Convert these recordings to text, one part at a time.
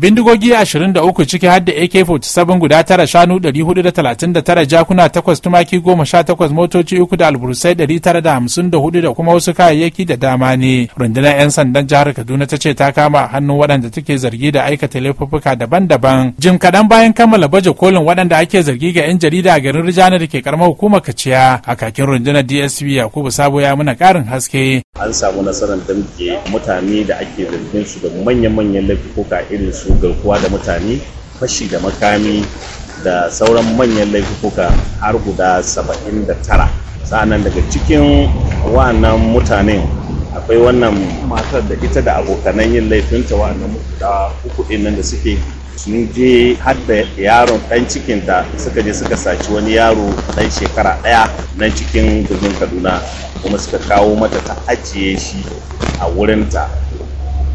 bindigogi 23 ciki har da ak-47 guda tara shanu 439 jakuna 8 tumaki 18 motoci uku da alburusai 954 da kuma wasu kayayyaki da dama ne rundunar 'yan sandan jihar kaduna ta ce ta kama hannun waɗanda take zargi da aikata laifuffuka daban-daban jim kaɗan bayan kammala baje kolin waɗanda ake zargi ga 'yan jarida a garin rijana da ke karamar hukumar kaciya a kakin rundunar dsp yakubu sabo ya muna ƙarin haske an samu nasarar damke mutane da ake zargin su da manya manyan laifuka irin su wato garkuwa da mutane fashi da makami da sauran manyan laifuka har guda 79 sa'annan daga cikin wannan mutanen akwai wannan matar da ita da abokanan yin laifinta wa'annan da uku nan da suke sun je har da yaron dan cikinta suka je suka saci wani yaro dan shekara daya na cikin gudun kaduna kuma suka kawo mata ta ajiye shi a wurinta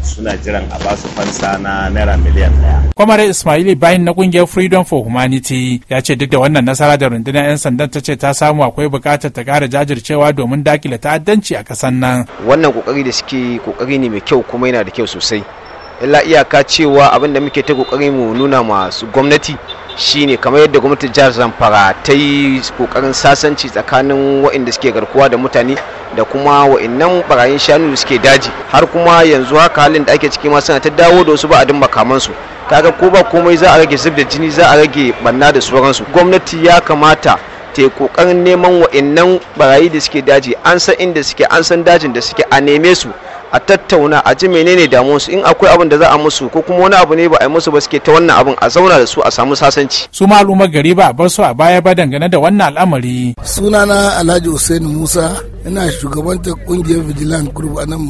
suna jiran a ba su fansa na naira miliyan ɗaya. kwamare ismaili bayan na kungiyar freedom for humanity ya ce duk da wannan nasara da rundunar 'yan sandan ta ce ta samu akwai bukatar ta ƙara jajircewa domin dakile ta'addanci a ƙasar nan wannan kokari da suke kokari ne mai kyau kuma yana da kyau sosai illa iyaka cewa abin da muke ta kokari mu nuna masu gwamnati shine kamar yadda gwamnatin jihar zamfara ta yi kokarin sasanci tsakanin waɗanda suke garkuwa da mutane da kuma wa'annan barayin shanu da suke daji har kuma yanzu haka halin da ake ciki ma suna ta dawo da wasu ba'adin makamansu kaga ko ba komai za a rage zub da jini za a rage banna da sauransu gwamnati ya kamata ta yi kokarin neman wa'annan barayi da suke daji an san inda suke an san dajin da suke a neme su a tattauna a ji menene damuwarsu in akwai abin da za a musu ko kuma wani abu ne ba a yi musu ba suke ta wannan abin a zauna da su a samu sasanci su ma al'ummar gari ba a bar su a baya ba dangane da wannan al'amari sunana alhaji hussein musa ina ta kungiyar vigilant group a nan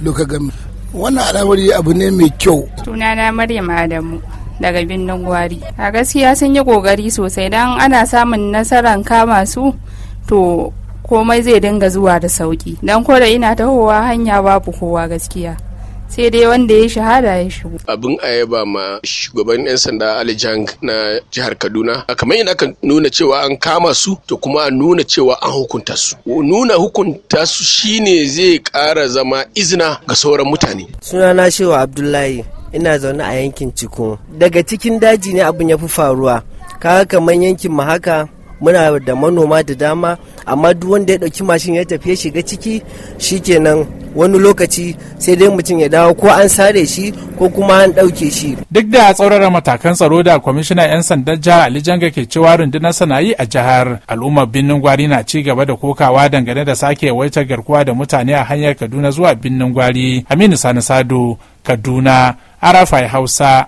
local gami wannan al'amari abu ne mai kyau sunana maryam adamu daga birnin gwari a gaskiya sun yi kokari sosai don ana samun nasarar kama su to komai zai dinga zuwa da sauki dan ko da ina tahowa hanya babu kowa gaskiya sai dai wanda ya shahada ya shigo. Abin ayaba ma shugaban 'yan sanda Ali Jang na jihar Kaduna. Kamar yadda aka nuna cewa an kama su to kuma a nuna cewa an hukunta su. Nuna hukunta su shine zai ƙara zama izina ga sauran mutane. Sunana Shewa Abdullahi ina zaune a yankin Ciko. Daga cikin daji ne abin ya fi faruwa. Kaga kamar yankin mu haka muna da manoma da dama amma duk wanda ya ɗauki mashin ya tafi ya shiga ciki shi shikenan wani lokaci sai dai mutum ya dawo ko an sare shi ko kuma an ɗauke shi. Duk da tsaurara matakan tsaro da kwamishinan 'yan sandan jihar Ali Janga ke cewa rundunar sana'i a jihar al'ummar birnin gwari na ci gaba da kokawa dangane da sake yawaitar garkuwa da mutane a hanyar Kaduna zuwa birnin gwari. Aminu Sani Sado, Kaduna, Arafai Hausa.